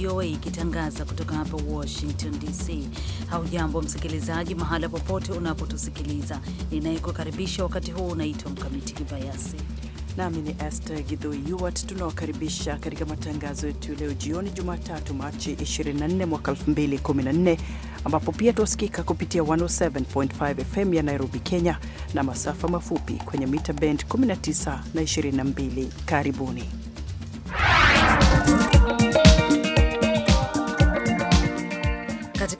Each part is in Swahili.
VOA ikitangaza kutoka hapa Washington DC. Haujambo msikilizaji, mahala popote unapotusikiliza. Ninayekukaribisha wakati huu unaitwa Mkamiti Kibayasi nami ni Esther Gidhoyuwat. Tunawakaribisha katika matangazo yetu leo jioni, Jumatatu Machi 24 mwaka 2014, ambapo pia tuasikika kupitia 107.5 FM ya Nairobi, Kenya, na masafa mafupi kwenye mita bend 19 na 22. Karibuni.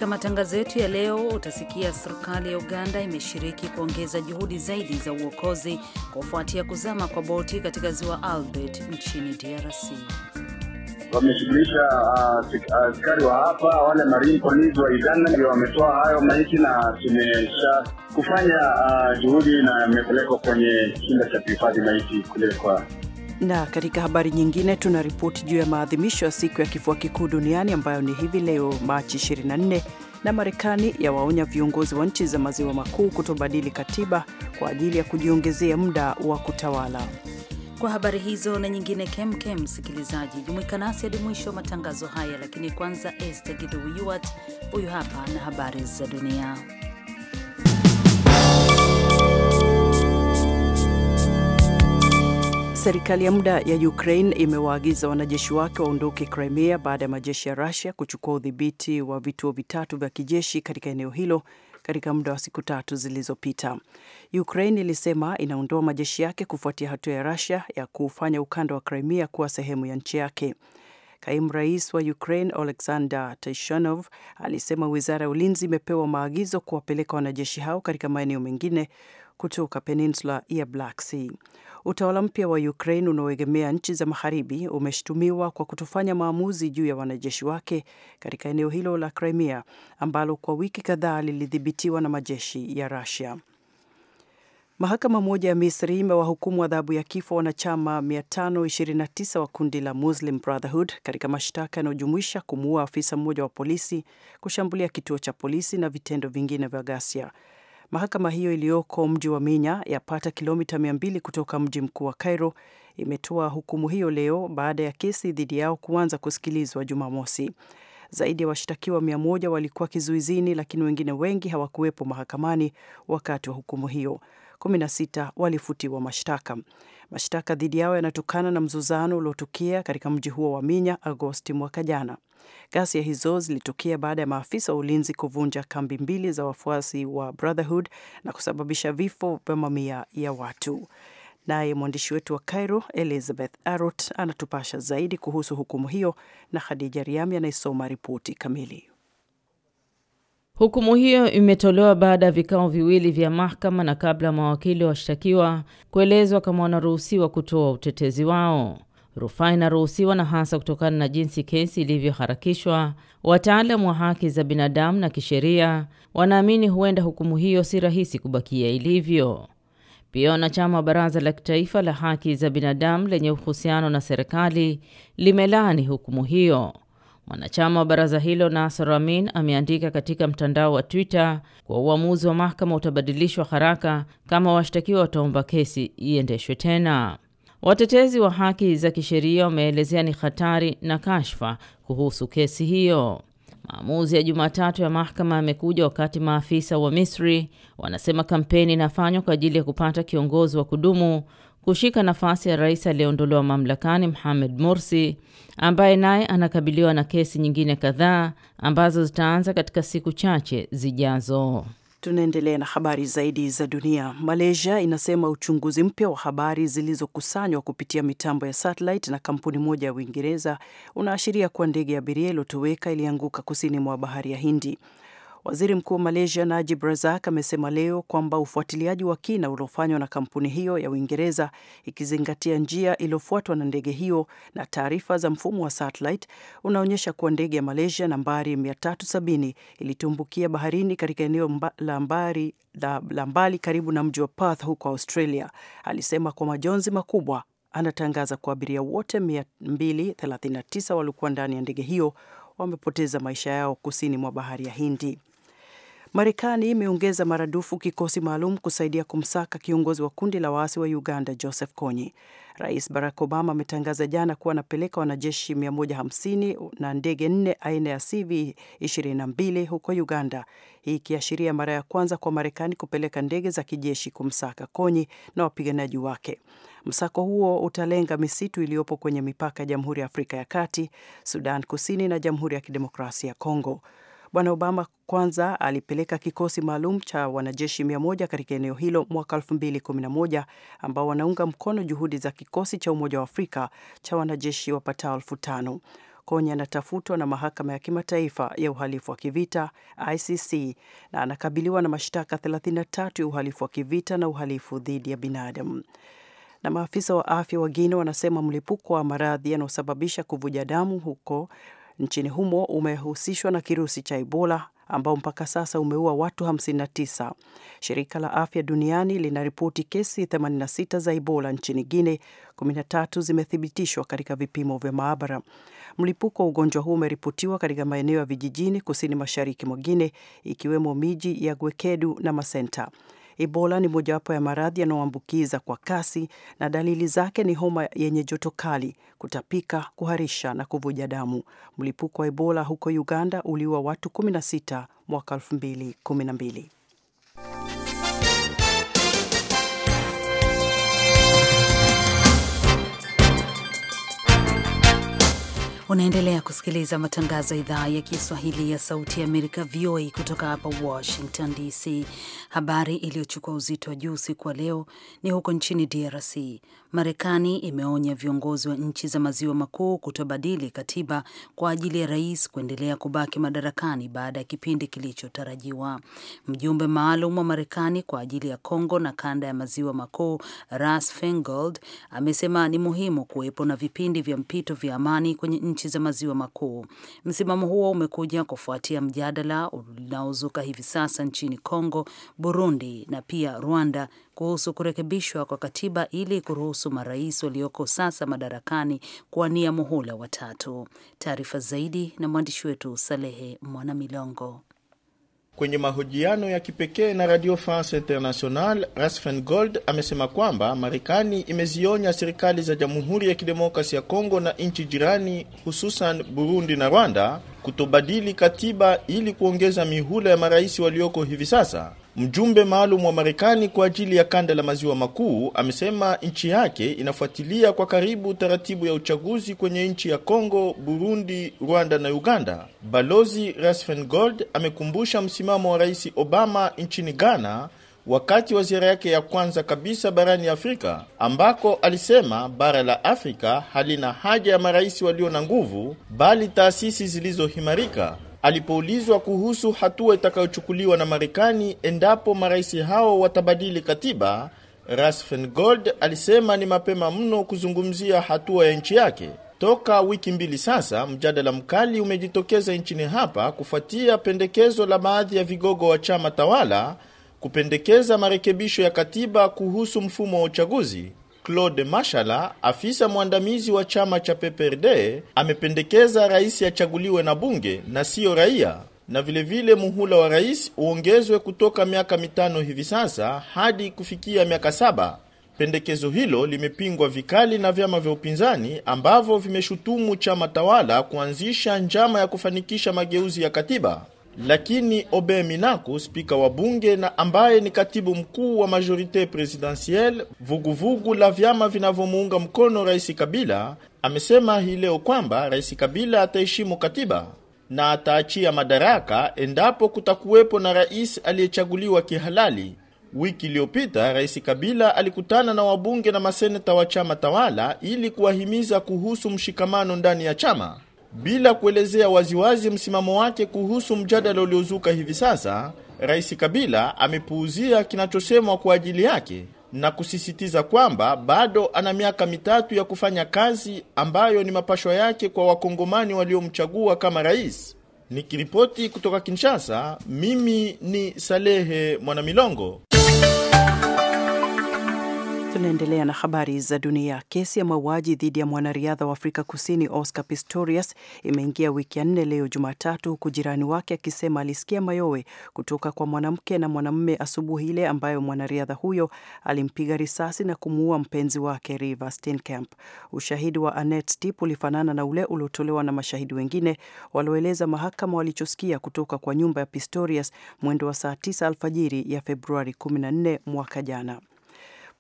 Katika matangazo yetu ya leo utasikia serikali ya Uganda imeshiriki kuongeza juhudi zaidi za uokozi kufuatia kuzama kwa boti katika ziwa Albert nchini DRC. Wameshughulisha ah, ah, askari uh, uh, wa hapa wale marine police wa Uganda ndio wametoa hayo maiti na tumesha kufanya uh, juhudi na imepelekwa kwenye chumba cha kuhifadhi maiti kule kwa na katika habari nyingine tuna ripoti juu ya maadhimisho ya siku ya kifua kikuu duniani ambayo ni hivi leo Machi 24 na Marekani yawaonya viongozi wa nchi za maziwa makuu kutobadili katiba kwa ajili ya kujiongezea muda wa kutawala. Kwa habari hizo na nyingine kemkem, msikilizaji, jumuika nasi hadi mwisho wa matangazo haya, lakini kwanza, Este Giduat huyu hapa na habari za dunia. Serikali ya muda ya Ukraine imewaagiza wanajeshi wake waondoke Crimea baada ya majeshi ya Russia kuchukua udhibiti wa vituo vitatu vya kijeshi katika eneo hilo katika muda wa siku tatu zilizopita. Ukraine ilisema inaondoa majeshi yake kufuatia hatua ya Russia ya kuufanya ukanda wa Crimea kuwa sehemu ya nchi yake. Kaimu rais wa Ukraine Oleksandr Tishanov alisema wizara ya ulinzi imepewa maagizo kuwapeleka wanajeshi hao katika maeneo mengine kutoka peninsula ya Black Sea. Utawala mpya wa Ukraine unaoegemea nchi za magharibi umeshutumiwa kwa kutofanya maamuzi juu ya wanajeshi wake katika eneo hilo la Crimea ambalo kwa wiki kadhaa lilidhibitiwa na majeshi ya Russia. Mahakama moja ya Misri imewahukumu adhabu ya kifo wanachama 529 wa kundi la Muslim Brotherhood katika mashtaka yanayojumuisha kumuua afisa mmoja wa polisi, kushambulia kituo cha polisi na vitendo vingine vya ghasia. Mahakama hiyo iliyoko mji wa Minya, yapata kilomita 200 kutoka mji mkuu wa Cairo, imetoa hukumu hiyo leo baada ya kesi dhidi yao kuanza kusikilizwa Jumamosi. Zaidi ya wa washtakiwa 100 walikuwa kizuizini, lakini wengine wengi hawakuwepo mahakamani wakati wa hukumu hiyo. 16 walifutiwa mashtaka. Mashtaka dhidi yao yanatokana na mzozano uliotukia katika mji huo wa Minya Agosti mwaka jana. Ghasia hizo zilitokea baada ya maafisa wa ulinzi kuvunja kambi mbili za wafuasi wa Brotherhood na kusababisha vifo vya mamia ya watu. Naye mwandishi wetu wa Cairo, Elizabeth Arot, anatupasha zaidi kuhusu hukumu hiyo, na Khadija Riami anayesoma ripoti kamili. Hukumu hiyo imetolewa baada ya vikao viwili vya mahakama na kabla mawakili washtakiwa kuelezwa kama wanaruhusiwa kutoa utetezi wao. Rufaa inaruhusiwa na hasa kutokana na jinsi kesi ilivyoharakishwa. Wataalamu wa haki za binadamu na kisheria wanaamini huenda hukumu hiyo si rahisi kubakia ilivyo. Pia wanachama wa Baraza la Kitaifa la Haki za Binadamu lenye uhusiano na serikali limelaani hukumu hiyo. Mwanachama wa baraza hilo Nasr Amin ameandika katika mtandao wa Twitter kwa uamuzi wa mahakama utabadilishwa haraka kama washtakiwa wataomba kesi iendeshwe tena. Watetezi wa haki za kisheria wameelezea ni hatari na kashfa kuhusu kesi hiyo. Maamuzi ya Jumatatu ya mahakama yamekuja wakati maafisa wa Misri wanasema kampeni inafanywa kwa ajili ya kupata kiongozi wa kudumu kushika nafasi ya rais aliyeondolewa mamlakani Mohamed Morsi ambaye naye anakabiliwa na kesi nyingine kadhaa ambazo zitaanza katika siku chache zijazo. Tunaendelea na habari zaidi za dunia. Malaysia inasema uchunguzi mpya wa habari zilizokusanywa kupitia mitambo ya satellite na kampuni moja ya Uingereza unaashiria kuwa ndege ya abiria iliyotoweka ilianguka kusini mwa bahari ya Hindi. Waziri Mkuu wa Malaysia Najib Razak amesema leo kwamba ufuatiliaji wa kina uliofanywa na kampuni hiyo ya Uingereza ikizingatia njia iliyofuatwa na ndege hiyo na taarifa za mfumo wa satellite unaonyesha kuwa ndege ya Malaysia nambari 370 ilitumbukia baharini katika eneo mba, la mbali la, mbali karibu na mji wa Perth huko Australia. Alisema kwa majonzi makubwa anatangaza kwa abiria wote 239 waliokuwa ndani ya ndege hiyo wamepoteza maisha yao kusini mwa bahari ya Hindi. Marekani imeongeza maradufu kikosi maalum kusaidia kumsaka kiongozi wa kundi la waasi wa Uganda, Joseph Kony. Rais Barack Obama ametangaza jana kuwa anapeleka wanajeshi 150 na ndege nne aina ya CV22 huko Uganda, hii ikiashiria mara ya kwanza kwa Marekani kupeleka ndege za kijeshi kumsaka Konyi na wapiganaji wake. Msako huo utalenga misitu iliyopo kwenye mipaka ya Jamhuri ya Afrika ya Kati, Sudan Kusini na Jamhuri ya Kidemokrasia ya Kongo. Bwana Obama kwanza alipeleka kikosi maalum cha wanajeshi 1 katika eneo hilo mwaka 2011 ambao wanaunga mkono juhudi za kikosi cha Umoja wa Afrika cha wanajeshi wapatao elfu tano. Konya anatafutwa na mahakama ya kimataifa ya uhalifu wa kivita ICC na anakabiliwa na mashtaka 33 ya uhalifu wa kivita na uhalifu dhidi ya binadamu. Na maafisa wa afya wa Guinea wanasema mlipuko wa maradhi yanayosababisha kuvuja damu huko nchini humo umehusishwa na kirusi cha Ebola ambao mpaka sasa umeua watu 59. Shirika la Afya Duniani linaripoti kesi 86 za Ebola nchini guine 13 zimethibitishwa katika vipimo vya maabara. Mlipuko wa ugonjwa huu umeripotiwa katika maeneo ya vijijini kusini mashariki mwa Guine, ikiwemo miji ya Gwekedu na Masenta. Ebola ni mojawapo ya maradhi yanayoambukiza kwa kasi na dalili zake ni homa yenye joto kali, kutapika, kuharisha na kuvuja damu. Mlipuko wa Ebola huko Uganda uliua watu 16 mwaka 2012. Unaendelea kusikiliza matangazo ya idhaa ya Kiswahili ya Sauti ya Amerika, VOA, kutoka hapa Washington DC. Habari iliyochukua uzito wa juu usiku wa leo ni huko nchini DRC Marekani imeonya viongozi wa nchi za maziwa makuu kutobadili katiba kwa ajili ya rais kuendelea kubaki madarakani baada ya kipindi kilichotarajiwa. Mjumbe maalum wa Marekani kwa ajili ya Kongo na kanda ya maziwa makuu ras Fengold amesema ni muhimu kuwepo na vipindi vya mpito vya amani kwenye nchi za maziwa makuu. Msimamo huo umekuja kufuatia mjadala unaozuka hivi sasa nchini Kongo, Burundi na pia Rwanda kuhusu kurekebishwa kwa katiba ili kuruhusu marais walioko sasa madarakani kuwania muhula watatu. Taarifa zaidi na mwandishi wetu Salehe Mwanamilongo. Kwenye mahojiano ya kipekee na Radio France International, Rasfengold amesema kwamba Marekani imezionya serikali za Jamhuri ya kidemokrasi ya Kongo na nchi jirani, hususan Burundi na Rwanda, kutobadili katiba ili kuongeza mihula ya marais walioko hivi sasa. Mjumbe maalum wa Marekani kwa ajili ya kanda la maziwa makuu amesema nchi yake inafuatilia kwa karibu taratibu ya uchaguzi kwenye nchi ya Kongo, Burundi, Rwanda na Uganda. Balozi Rasfen Gold amekumbusha msimamo wa Rais Obama nchini Ghana wakati wa ziara yake ya kwanza kabisa barani Afrika, ambako alisema bara la Afrika halina haja ya marais walio na nguvu, bali taasisi zilizohimarika. Alipoulizwa kuhusu hatua itakayochukuliwa na Marekani endapo marais hao watabadili katiba, Rasfengold alisema ni mapema mno kuzungumzia hatua ya nchi yake. Toka wiki mbili sasa, mjadala mkali umejitokeza nchini hapa kufuatia pendekezo la baadhi ya vigogo wa chama tawala kupendekeza marekebisho ya katiba kuhusu mfumo wa uchaguzi. Claude Mashala, afisa mwandamizi wa chama cha PPRD, amependekeza rais achaguliwe na bunge na siyo raia, na vilevile vile muhula wa rais uongezwe kutoka miaka mitano hivi sasa hadi kufikia miaka saba. Pendekezo hilo limepingwa vikali na vyama vya upinzani ambavyo vimeshutumu chama tawala kuanzisha njama ya kufanikisha mageuzi ya katiba. Lakini Obe minaku spika wa bunge na ambaye ni katibu mkuu wa majorite presidentielle, vuguvugu la vyama vinavyomuunga mkono Rais Kabila, amesema hii leo kwamba Rais Kabila ataheshimu katiba na ataachia madaraka endapo kutakuwepo na rais aliyechaguliwa kihalali. Wiki iliyopita Rais Kabila alikutana na wabunge na maseneta wa chama tawala ili kuwahimiza kuhusu mshikamano ndani ya chama. Bila kuelezea waziwazi msimamo wake kuhusu mjadala uliozuka hivi sasa, Rais Kabila amepuuzia kinachosemwa kwa ajili yake na kusisitiza kwamba bado ana miaka mitatu ya kufanya kazi ambayo ni mapashwa yake kwa wakongomani waliomchagua kama rais. Nikiripoti kutoka Kinshasa, mimi ni Salehe Mwanamilongo. Tunaendelea na habari za dunia. Kesi ya mauaji dhidi ya mwanariadha wa Afrika Kusini Oscar Pistorius imeingia wiki ya nne leo Jumatatu, huku jirani wake akisema alisikia mayowe kutoka kwa mwanamke na mwanamume asubuhi ile ambayo mwanariadha huyo alimpiga risasi na kumuua mpenzi wake Reeva Steenkamp. Ushahidi wa Annette Stipp ulifanana na ule uliotolewa na mashahidi wengine walioeleza mahakama walichosikia kutoka kwa nyumba ya Pistorius mwendo wa saa 9 alfajiri ya Februari 14 mwaka jana.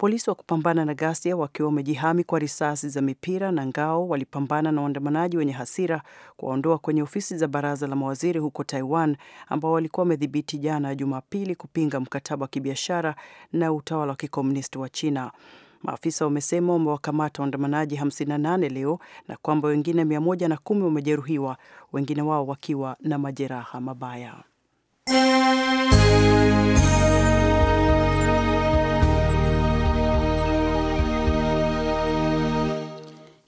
Polisi wa kupambana na ghasia wakiwa wamejihami kwa risasi za mipira na ngao walipambana na waandamanaji wenye hasira kuwaondoa kwenye ofisi za baraza la mawaziri huko Taiwan, ambao walikuwa wamedhibiti jana Jumapili kupinga mkataba wa kibiashara na utawala wa kikomunisti wa China. Maafisa wamesema wamewakamata waandamanaji 58 leo na kwamba wengine 110 wamejeruhiwa, wengine wao wakiwa na majeraha mabaya.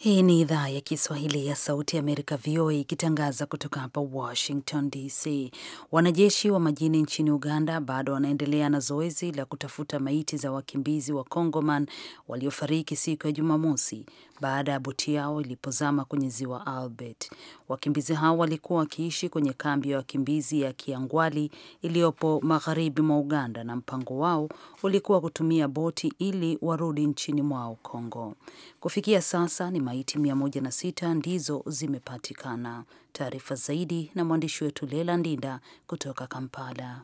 Hii ni idhaa ya Kiswahili ya Sauti Amerika, VOA, ikitangaza kutoka hapa Washington DC. Wanajeshi wa majini nchini Uganda bado wanaendelea na zoezi la kutafuta maiti za wakimbizi wa Kongoman waliofariki siku ya Jumamosi baada ya boti yao ilipozama kwenye ziwa Albert. Wakimbizi hao walikuwa wakiishi kwenye kambi ya wakimbizi ya Kiangwali iliyopo magharibi mwa Uganda, na mpango wao ulikuwa kutumia boti ili warudi nchini mwao Kongo. Kufikia sasa ni maiti 106 ndizo zimepatikana. Taarifa zaidi na mwandishi wetu Lela Ndinda kutoka Kampala.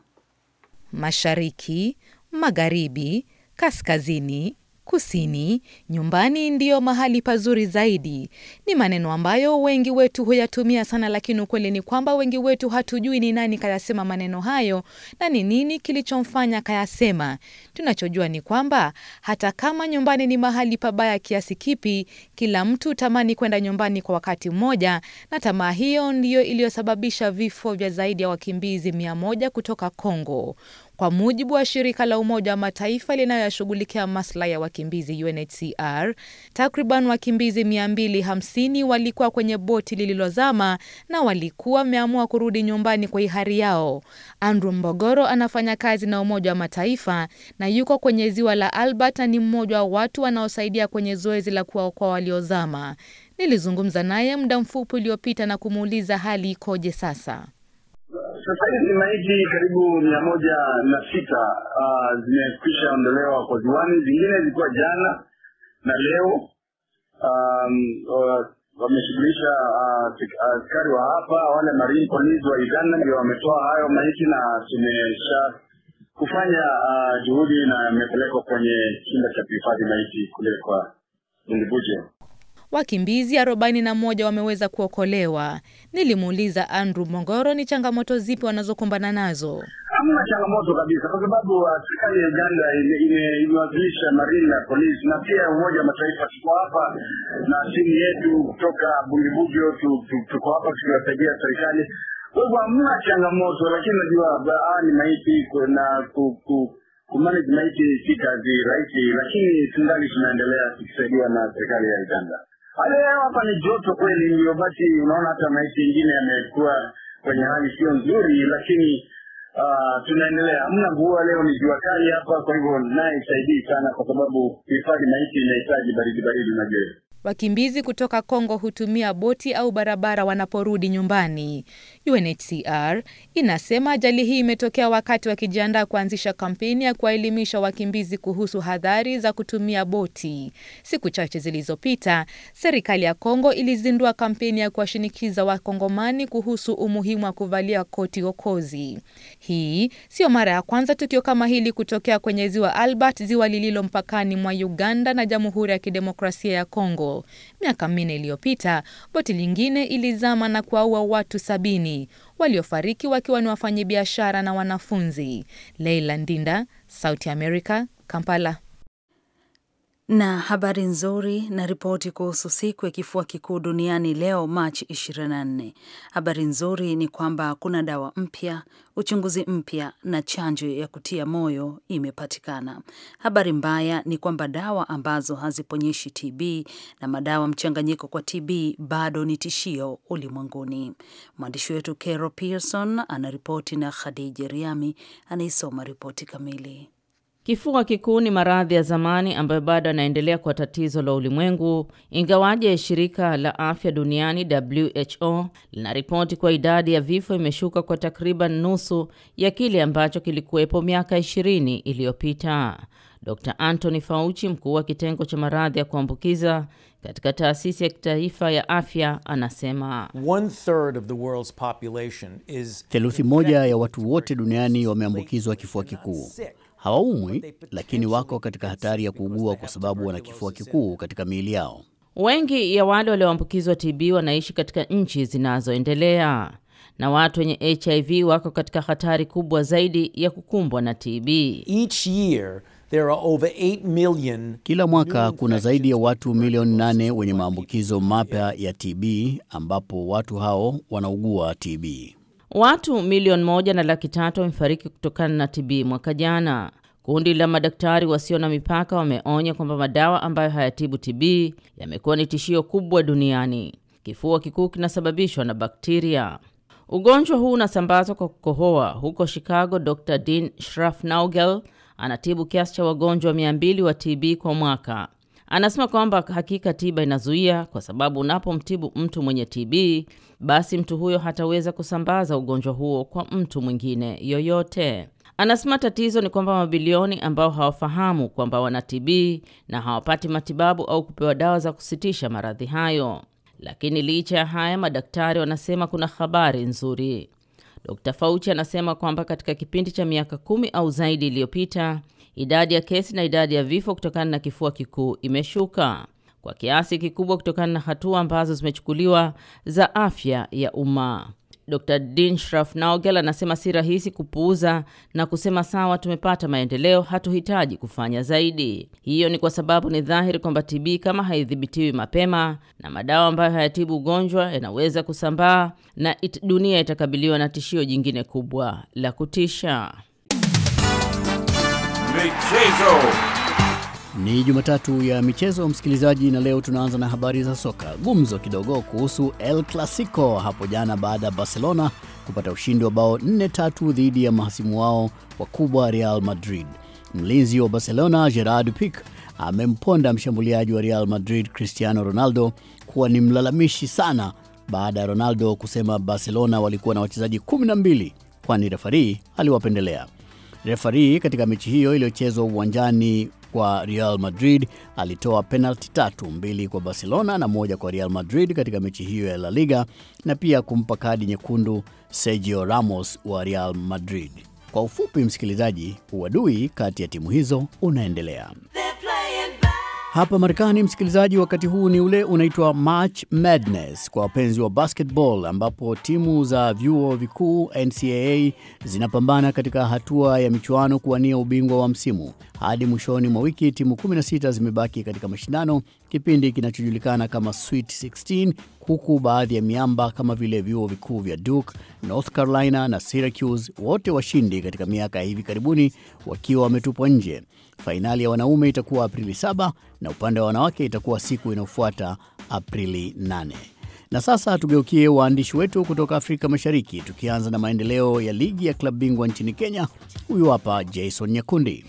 Mashariki, magharibi, kaskazini Kusini, nyumbani ndiyo mahali pazuri zaidi, ni maneno ambayo wengi wetu huyatumia sana, lakini ukweli ni kwamba wengi wetu hatujui ni nani kayasema maneno hayo na ni nini kilichomfanya kayasema. Tunachojua ni kwamba hata kama nyumbani ni mahali pabaya kiasi kipi, kila mtu tamani kwenda nyumbani kwa wakati mmoja, na tamaa hiyo ndiyo iliyosababisha vifo vya zaidi ya wakimbizi mia moja kutoka Kongo. Kwa mujibu wa shirika la Umoja wa Mataifa linayoshughulikia maslahi ya wakimbizi UNHCR, takriban wakimbizi 250 walikuwa kwenye boti lililozama na walikuwa wameamua kurudi nyumbani kwa hiari yao. Andrew Mbogoro anafanya kazi na Umoja wa Mataifa na yuko kwenye ziwa la Albert na ni mmoja wa watu wanaosaidia kwenye zoezi la kuwaokoa waliozama. Nilizungumza naye muda mfupi uliopita na kumuuliza hali ikoje sasa sasa hivi maiti karibu mia moja na sita uh, zimekwisha ondolewa kwa ziwani, zingine zilikuwa jana na leo. Um, uh, wameshughulisha ah, ah, askari uh, wa hapa wale marine police wa Uganda ndio wametoa hayo maiti na tumesha kufanya uh, juhudi na amepelekwa kwenye chumba cha kuhifadhi maiti kule kwa Bundibuje wakimbizi 41 wameweza kuokolewa. Nilimuuliza Andrew Mongoro ni changamoto zipi wanazokumbana nazo. Hamna changamoto kabisa, kwa sababu uh, serikali ya Uganda imewakilisha marina na polisi na pia Umoja wa Mataifa. Tuko hapa na simu yetu kutoka Bundibugyo, tuko hapa tukiwasaidia serikali. Kwa hivyo hamna changamoto, lakini najua uh, ni maiti na kumanage maiti si kazi rahisi, lakini tungali tunaendelea tukisaidiwa na serikali ya Uganda. Hali ya hewa hapa ni joto kweli, ndio basi unaona hata maisha mengine yamekuwa kwenye hali sio nzuri, lakini uh, tunaendelea. Hamna mvua leo, ni jua kali hapa, kwa hivyo naye isaidii sana, kwa sababu hifadhi maiti inahitaji baridi baridi, unajua Wakimbizi kutoka Kongo hutumia boti au barabara wanaporudi nyumbani. UNHCR inasema ajali hii imetokea wakati wakijiandaa kuanzisha kampeni ya kuwaelimisha wakimbizi kuhusu hadhari za kutumia boti. Siku chache zilizopita, serikali ya Kongo ilizindua kampeni ya kuwashinikiza Wakongomani kuhusu umuhimu wa kuvalia koti okozi. Hii sio mara ya kwanza tukio kama hili kutokea kwenye ziwa Albert, ziwa lililo mpakani mwa Uganda na Jamhuri ya Kidemokrasia ya Kongo. Miaka minne iliyopita, boti lingine ilizama na kuwaua watu sabini waliofariki wakiwa ni wafanyabiashara na wanafunzi. Leila Ndinda, Sauti ya America, Kampala. Na habari nzuri na ripoti kuhusu siku ya kifua kikuu duniani leo Machi 24. Habari nzuri ni kwamba kuna dawa mpya, uchunguzi mpya na chanjo ya kutia moyo imepatikana. Habari mbaya ni kwamba dawa ambazo haziponyeshi TB na madawa mchanganyiko kwa TB bado ni tishio ulimwenguni. Mwandishi wetu Carol Pearson anaripoti na Khadija Riami anaisoma ripoti kamili. Kifua kikuu ni maradhi ya zamani ambayo bado yanaendelea kwa tatizo la ulimwengu, ingawaje shirika la afya duniani WHO linaripoti kwa idadi ya vifo imeshuka kwa takriban nusu ya kile ambacho kilikuwepo miaka ishirini iliyopita. Dr Anthony Fauci, mkuu wa kitengo cha maradhi ya kuambukiza katika taasisi ya kitaifa ya afya, anasema theluthi moja ya watu wote duniani wameambukizwa kifua kikuu hawaumwi, lakini wako katika hatari ya kuugua kwa sababu wana kifua kikuu katika miili yao. Wengi ya wale walioambukizwa TB wanaishi katika nchi zinazoendelea na watu wenye HIV wako katika hatari kubwa zaidi ya kukumbwa na TB. Each year, there are over 8 million... Kila mwaka kuna zaidi ya watu milioni nane wenye maambukizo mapya ya TB ambapo watu hao wanaugua TB. Watu milioni moja na laki tatu wamefariki kutokana na TB mwaka jana. Kundi la madaktari wasio na mipaka wameonya kwamba madawa ambayo hayatibu TB yamekuwa ni tishio kubwa duniani. Kifua kikuu kinasababishwa na bakteria. Ugonjwa huu unasambazwa kwa kukohoa. Huko Chicago, Dr Dean Schrafnaugel anatibu kiasi cha wagonjwa 200 wa TB kwa mwaka. Anasema kwamba hakika tiba inazuia, kwa sababu unapomtibu mtu mwenye TB basi mtu huyo hataweza kusambaza ugonjwa huo kwa mtu mwingine yoyote. Anasema tatizo ni kwamba mabilioni ambao hawafahamu kwamba wana TB na hawapati matibabu au kupewa dawa za kusitisha maradhi hayo. Lakini licha ya haya, madaktari wanasema kuna habari nzuri. Dr. Fauci anasema kwamba katika kipindi cha miaka kumi au zaidi iliyopita idadi ya kesi na idadi ya vifo kutokana na kifua kikuu imeshuka kwa kiasi kikubwa kutokana na hatua ambazo zimechukuliwa za afya ya umma. Dr Dinshraf Naugel anasema si rahisi kupuuza na kusema sawa, tumepata maendeleo, hatuhitaji kufanya zaidi. Hiyo ni kwa sababu ni dhahiri kwamba TB kama haidhibitiwi mapema na madawa ambayo hayatibu ugonjwa yanaweza kusambaa na it, dunia itakabiliwa na tishio jingine kubwa la kutisha. Michezo. Ni Jumatatu ya michezo, msikilizaji, na leo tunaanza na habari za soka. Gumzo kidogo kuhusu El Clasico hapo jana baada ya Barcelona kupata ushindi wa bao 4-3 dhidi ya mahasimu wao wakubwa Real Madrid. Mlinzi wa Barcelona Gerard Pique amemponda mshambuliaji wa Real Madrid Cristiano Ronaldo kuwa ni mlalamishi sana baada ya Ronaldo kusema Barcelona walikuwa na wachezaji 12 kwani refarii aliwapendelea. Refari katika mechi hiyo iliyochezwa uwanjani kwa Real Madrid alitoa penalti tatu, mbili kwa Barcelona na moja kwa Real Madrid katika mechi hiyo ya La Liga, na pia kumpa kadi nyekundu Sergio Ramos wa Real Madrid. Kwa ufupi, msikilizaji, uadui kati ya timu hizo unaendelea. Hapa Marekani, msikilizaji, wakati huu ni ule unaitwa March Madness kwa wapenzi wa basketball, ambapo timu za vyuo vikuu NCAA zinapambana katika hatua ya michuano kuwania ubingwa wa msimu. Hadi mwishoni mwa wiki, timu 16 zimebaki katika mashindano, kipindi kinachojulikana kama Sweet 16, huku baadhi ya miamba kama vile vyuo vikuu vya Duke, North Carolina na Syracuse, wote washindi katika miaka ya hivi karibuni, wakiwa wametupwa nje. Fainali ya wanaume itakuwa Aprili 7 na upande wa wanawake itakuwa siku inayofuata Aprili 8. Na sasa tugeukie waandishi wetu kutoka Afrika Mashariki, tukianza na maendeleo ya ligi ya klabu bingwa nchini Kenya. Huyu hapa Jason Nyakundi.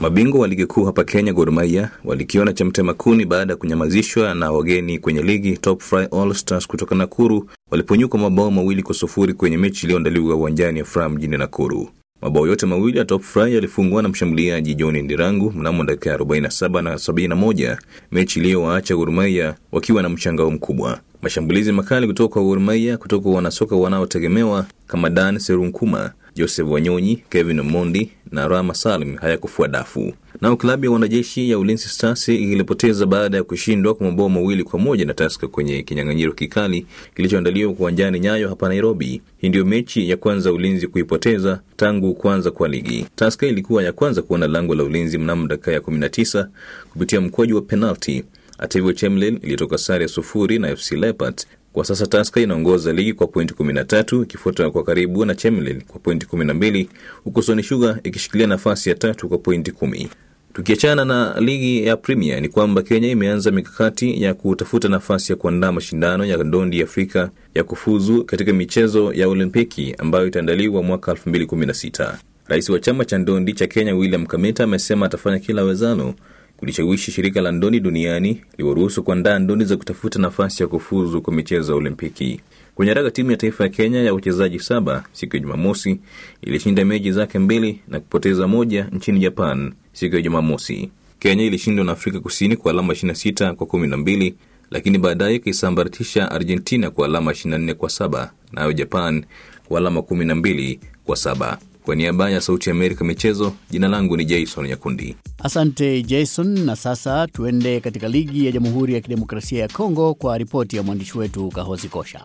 Mabingwa wa ligi kuu hapa Kenya, Gor Mahia walikiona cha mtema kuni baada ya kunyamazishwa na wageni kwenye ligi Top Fry All Stars kutoka Nakuru waliponyuka mabao mawili kwa sufuri kwenye mechi iliyoandaliwa uwanjani Afraha mjini Nakuru. Mabao yote mawili ya Top Fry yalifungwa na mshambuliaji John Ndirangu mnamo dakika 47 na 71, mechi iliyowaacha ghurumaia wakiwa na mshangao mkubwa. Mashambulizi makali kutoka kwa Mahia kutoka wanasoka wanaotegemewa kama Dan Serunkuma, Joseph Wanyonyi, Kevin Omondi na Rama Salim hayakufua dafu. Nao klabu ya wanajeshi ya Ulinzi Stars ilipoteza baada ya kushindwa kwa mabao mawili kwa moja na Tusker kwenye kinyang'anyiro kikali kilichoandaliwa uwanjani Nyayo hapa Nairobi. Hii ndiyo mechi ya kwanza Ulinzi kuipoteza tangu kuanza kwa ligi. Tusker ilikuwa ya kwanza kuona lango la Ulinzi mnamo dakika ya 19 kupitia mkwaju wa penalti. Hata hivyo, Chemelil ilitoka sare sufuri na FC Leopard. Kwa sasa Taska inaongoza ligi kwa pointi 13 ikifuatwa kwa karibu na Chemelil kwa pointi 12 huku Sony Sugar ikishikilia nafasi ya tatu kwa pointi kumi. Tukiachana na ligi ya Premier ni kwamba Kenya imeanza mikakati ya kutafuta nafasi ya kuandaa mashindano ya ndondi ya Afrika ya kufuzu katika michezo ya Olimpiki ambayo itaandaliwa mwaka 216 Rais wa chama cha ndondi cha Kenya William Kamita amesema atafanya kila wezalo kulishawishi shirika la ndondi duniani liwaruhusu kuandaa ndondi za kutafuta nafasi ya kufuzu kwa michezo ya Olimpiki. Kwenye raga timu ya taifa ya Kenya ya wachezaji saba siku ya Jumamosi ilishinda meji zake mbili na kupoteza moja nchini Japan siku ya Jumamosi. Kenya ilishindwa na Afrika Kusini kwa alama 26 kwa 12, lakini baadaye ikaisambaratisha Argentina kwa alama 24 kwa 7b nayo Japan kwa alama 12 kwa saba. Kwa niaba ya Sauti ya Amerika michezo, jina langu ni Jason Nyakundi. Asante Jason, na sasa tuende katika ligi ya Jamhuri ya Kidemokrasia ya Kongo kwa ripoti ya mwandishi wetu Kahozi Kosha.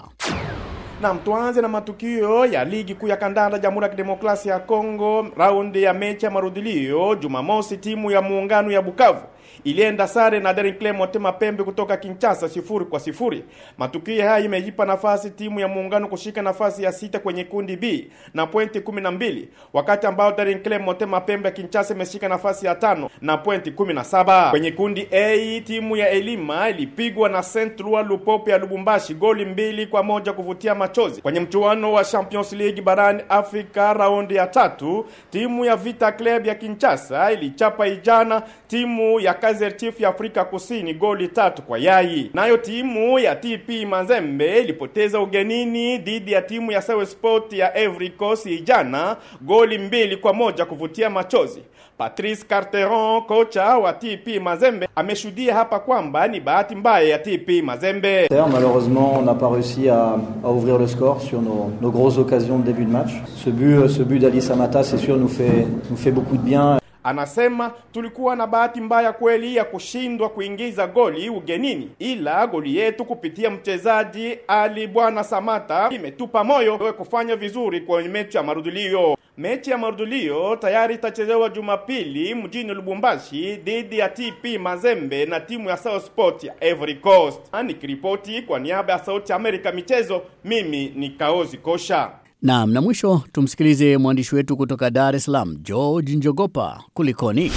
Na mtuanze na matukio ya ligi kuu ya kandanda Jamhuri ya Kidemokrasia ya Kongo, raundi ya mechi ya marudhilio Jumamosi, timu ya muungano ya Bukavu ilienda sare na Daring Club Motema Pembe kutoka Kinshasa sifuri kwa sifuri. Matukio haya imejipa nafasi timu ya Muungano kushika nafasi ya sita kwenye kundi B na pointi 12, wakati ambao Daring Club Motema Pembe ya Kinshasa imeshika nafasi ya tano na pointi 17. Kwenye kundi A timu ya Elima ilipigwa na Saint Eloi Lupopo ya Lubumbashi goli mbili kwa moja kuvutia machozi kwenye mchuano wa Champions League barani Afrika raundi ya tatu. Timu ya Vita Club ya Kinshasa ilichapa ijana timu ya ya Kaizer Chiefs ya Afrika Kusini goli tatu kwa yai. Nayo timu ya TP Mazembe ilipoteza ugenini dhidi ya timu ya Sao Sport ya Ivory Coast jana goli mbili kwa moja kuvutia machozi. Patrice Carteron, kocha wa TP Mazembe, ameshuhudia hapa kwamba ni bahati mbaya ya TP Mazembe. Malheureusement, on n'a pas réussi à, à ouvrir le score sur nos, nos grosses occasions de début de match. Ce but, ce but d'Ali Samata, c'est sûr, nous fait, nous fait beaucoup de bien. Anasema tulikuwa na bahati mbaya kweli ya kushindwa kuingiza goli ugenini, ila goli yetu kupitia mchezaji Ali Bwana Samata imetupa moyo we kufanya vizuri kwenye mechi ya marudulio. Mechi ya marudulio tayari itachezewa Jumapili mjini Lubumbashi dhidi ya TP Mazembe na timu ya South Sport ya Ivory Coast. Nikiripoti kwa niaba ya Sauti Amerika michezo, mimi ni Kaozi Kosha. Naam, na mwisho tumsikilize mwandishi wetu kutoka Dar es Salaam, George Njogopa. Kulikoni?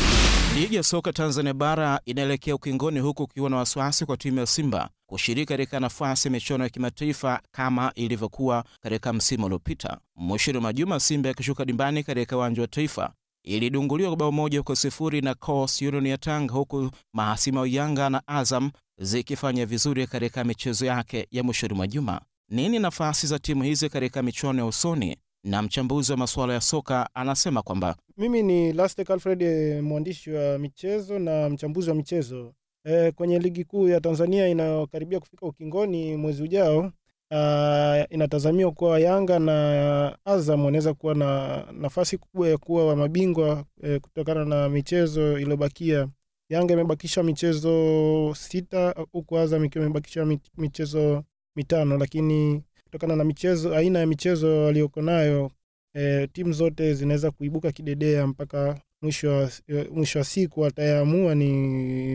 Ligi ya soka Tanzania bara inaelekea ukingoni, huku ukiwa na wasiwasi kwa timu ya Simba kushiriki katika nafasi ya michuano ya kimataifa kama ilivyokuwa katika msimu uliopita. Mwishoni mwa juma, Simba yakishuka dimbani katika uwanja wa Taifa ilidunguliwa kwa bao moja kwa sifuri na Coastal Union ya Tanga, huku mahasimu Yanga na Azam zikifanya vizuri katika michezo yake ya mwishoni mwa juma nini nafasi za timu hizi katika michuano ya usoni, na mchambuzi wa masuala ya soka anasema kwamba mimi ni Lastek Alfred, eh, mwandishi wa michezo na mchambuzi wa michezo e, kwenye ligi kuu ya Tanzania inayokaribia kufika ukingoni mwezi ujao. Uh, inatazamiwa kuwa Yanga na Azam wanaweza kuwa na nafasi kubwa ya kuwa wa mabingwa eh, kutokana na michezo iliyobakia. Yanga imebakisha michezo sita huku Azam ikiwa imebakisha michezo mitano, lakini kutokana na michezo, aina ya michezo aliyoko nayo e, timu zote zinaweza kuibuka kidedea mpaka mwisho wa, eh, siku atayeamua ni,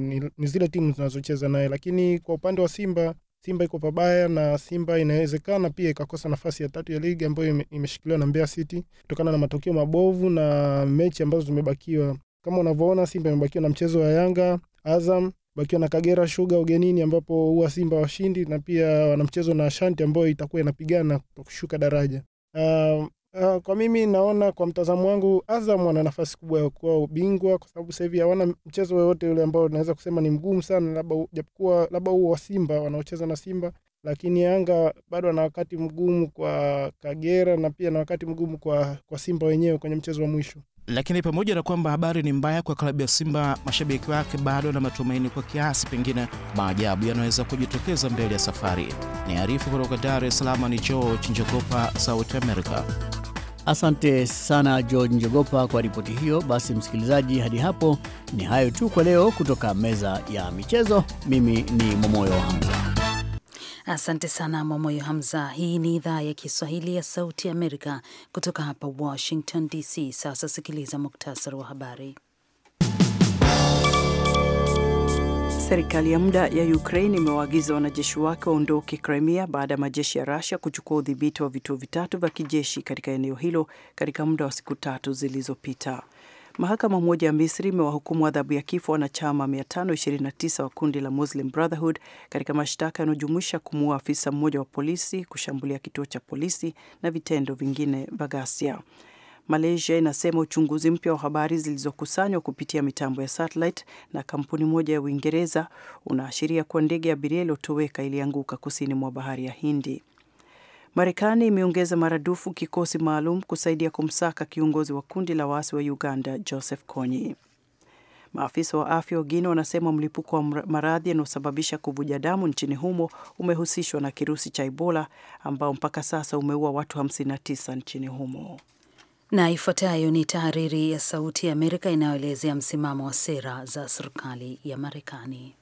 ni, ni zile timu zinazocheza naye. Lakini kwa upande wa Simba, Simba iko pabaya na Simba inawezekana pia ikakosa nafasi ya tatu ya ligi ambayo imeshikiliwa na mbea City kutokana na matokeo mabovu na mechi ambazo zimebakiwa. Kama unavyoona, Simba imebakiwa na mchezo wa Yanga, Azam bakiwa na Kagera Sugar ugenini ambapo huwa Simba washindi na pia wana mchezo na Ashanti ambayo itakuwa inapigana kwa kushuka daraja. Uh, uh, kwa mimi naona kwa mtazamo wangu Azam wana nafasi kubwa ya kuwa ubingwa kwa sababu sasa hivi hawana mchezo wowote ule ambao naweza kusema ni mgumu sana, labda japokuwa labda huo wa Simba wanaocheza na Simba lakini Yanga bado ana wakati mgumu kwa Kagera na pia na wakati mgumu kwa, kwa Simba wenyewe kwenye mchezo wa mwisho. Lakini pamoja na kwamba habari ni mbaya kwa klabu ya Simba, mashabiki wake bado na matumaini kwa kiasi, pengine maajabu yanaweza kujitokeza mbele ya safari. Ni arifu kutoka Dar es Salaam ni George Njogopa, South America. Asante sana George Njogopa kwa ripoti hiyo. Basi msikilizaji, hadi hapo ni hayo tu kwa leo kutoka meza ya michezo. Mimi ni Momoyo Hamza. Asante sana Mwamoyo Hamza. Hii ni idhaa ya Kiswahili ya Sauti Amerika kutoka hapa Washington DC. Sasa sikiliza muktasari wa habari. Serikali ya muda ya Ukraine imewaagiza wanajeshi wake waondoke Crimea baada ya majeshi ya Russia kuchukua udhibiti wa vituo vitatu vya kijeshi katika eneo hilo katika muda wa siku tatu zilizopita. Mahakama moja ya Misri imewahukumu adhabu ya kifo wanachama 529 wa kundi la Muslim Brotherhood katika mashtaka yanayojumuisha kumuua afisa mmoja wa polisi, kushambulia kituo cha polisi na vitendo vingine vya ghasia. Malaysia inasema uchunguzi mpya wa habari zilizokusanywa kupitia mitambo ya satellite na kampuni moja ya Uingereza unaashiria kuwa ndege ya abiria iliyotoweka ilianguka kusini mwa bahari ya Hindi. Marekani imeongeza maradufu kikosi maalum kusaidia kumsaka kiongozi wa kundi la waasi wa Uganda, Joseph Kony. Maafisa wa afya wengine wanasema mlipuko wa maradhi yanayosababisha kuvuja damu nchini humo umehusishwa na kirusi cha Ebola ambao mpaka sasa umeua watu 59 nchini humo. Na ifuatayo ni tahariri ya Sauti ya Amerika inayoelezea msimamo wa sera za serikali ya Marekani.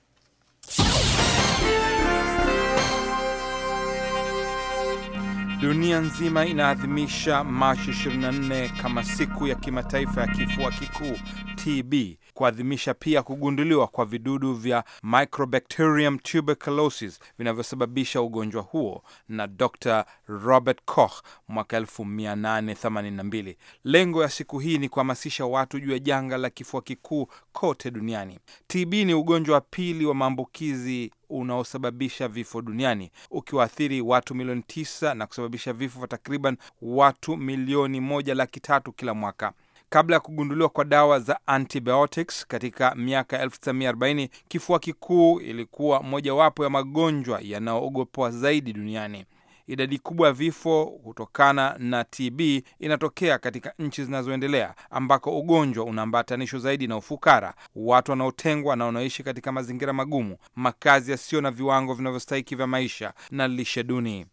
Dunia nzima inaadhimisha Machi 24 kama siku ya kimataifa ya kifua kikuu TB kuadhimisha pia kugunduliwa kwa vidudu vya Microbacterium tuberculosis vinavyosababisha ugonjwa huo na Dr Robert Koch mwaka 1882. Lengo ya siku hii ni kuhamasisha watu juu ya janga la kifua kikuu kote duniani. TB ni ugonjwa wa pili wa maambukizi unaosababisha vifo duniani ukiwaathiri watu milioni tisa na kusababisha vifo vya takriban watu milioni moja laki tatu kila mwaka. Kabla ya kugunduliwa kwa dawa za antibiotics katika miaka 1940, kifua kikuu ilikuwa mojawapo ya magonjwa yanayoogopwa zaidi duniani. Idadi kubwa ya vifo kutokana na TB inatokea katika nchi zinazoendelea ambako ugonjwa unaambatanishwa zaidi na ufukara, watu wanaotengwa na wanaoishi katika mazingira magumu, makazi yasiyo na viwango vinavyostahiki vya maisha na lishe duni.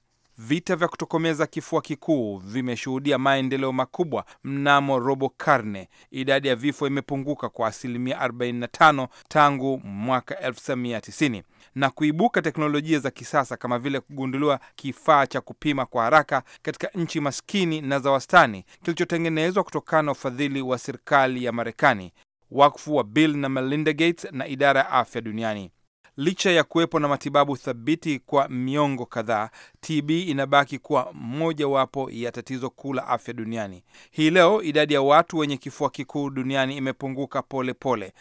Vita vya kutokomeza kifua kikuu vimeshuhudia maendeleo makubwa mnamo robo karne. Idadi ya vifo imepunguka kwa asilimia 45 tangu mwaka 1990 na kuibuka teknolojia za kisasa kama vile kugunduliwa kifaa cha kupima kwa haraka katika nchi maskini na za wastani kilichotengenezwa kutokana na ufadhili wa serikali ya Marekani, wakfu wa Bill na Melinda Gates na idara ya afya duniani. Licha ya kuwepo na matibabu thabiti kwa miongo kadhaa, TB inabaki kuwa mojawapo ya tatizo kuu la afya duniani. Hii leo idadi ya watu wenye kifua kikuu duniani imepunguka polepole pole.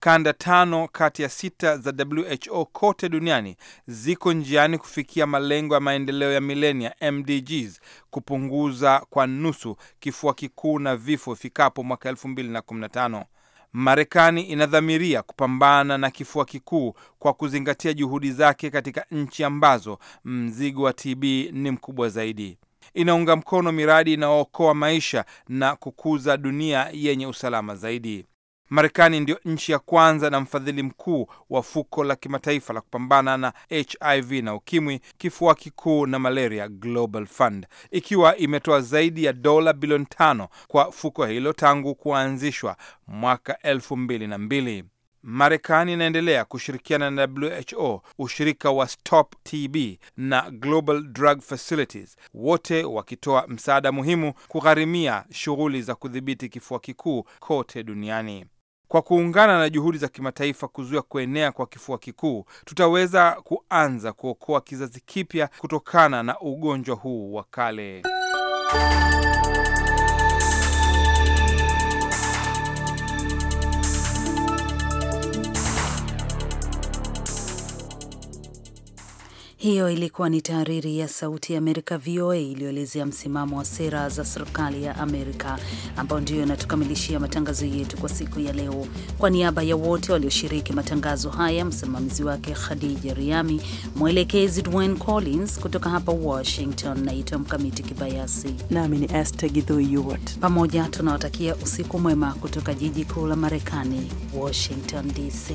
Kanda tano kati ya sita za WHO kote duniani ziko njiani kufikia malengo ya maendeleo ya milenia MDGs, kupunguza kwa nusu kifua kikuu na vifo ifikapo mwaka 2015. Marekani inadhamiria kupambana na kifua kikuu kwa kuzingatia juhudi zake katika nchi ambazo mzigo wa TB ni mkubwa zaidi. Inaunga mkono miradi inayookoa maisha na kukuza dunia yenye usalama zaidi. Marekani ndio nchi ya kwanza na mfadhili mkuu wa fuko la kimataifa la kupambana na HIV na ukimwi, kifua kikuu na malaria, Global Fund, ikiwa imetoa zaidi ya dola bilioni tano kwa fuko hilo tangu kuanzishwa mwaka elfu mbili na mbili. Marekani inaendelea kushirikiana na WHO, ushirika wa Stop TB na Global Drug Facilities, wote wakitoa msaada muhimu kugharimia shughuli za kudhibiti kifua kikuu kote duniani. Kwa kuungana na juhudi za kimataifa kuzuia kuenea kwa kifua kikuu, tutaweza kuanza kuokoa kizazi kipya kutokana na ugonjwa huu wa kale. Hiyo ilikuwa ni tahariri ya Sauti ya Amerika, VOA, iliyoelezea msimamo wa sera za serikali ya Amerika, ambayo ndiyo inatukamilishia matangazo yetu kwa siku ya leo. Kwa niaba ya wote walioshiriki matangazo haya, msimamizi wake Khadija Riami, mwelekezi Dwayne Collins, kutoka hapa Washington naitwa Mkamiti Kibayasi nami ni Esther Githuiyot. Pamoja tunawatakia usiku mwema kutoka jiji kuu la Marekani, Washington DC.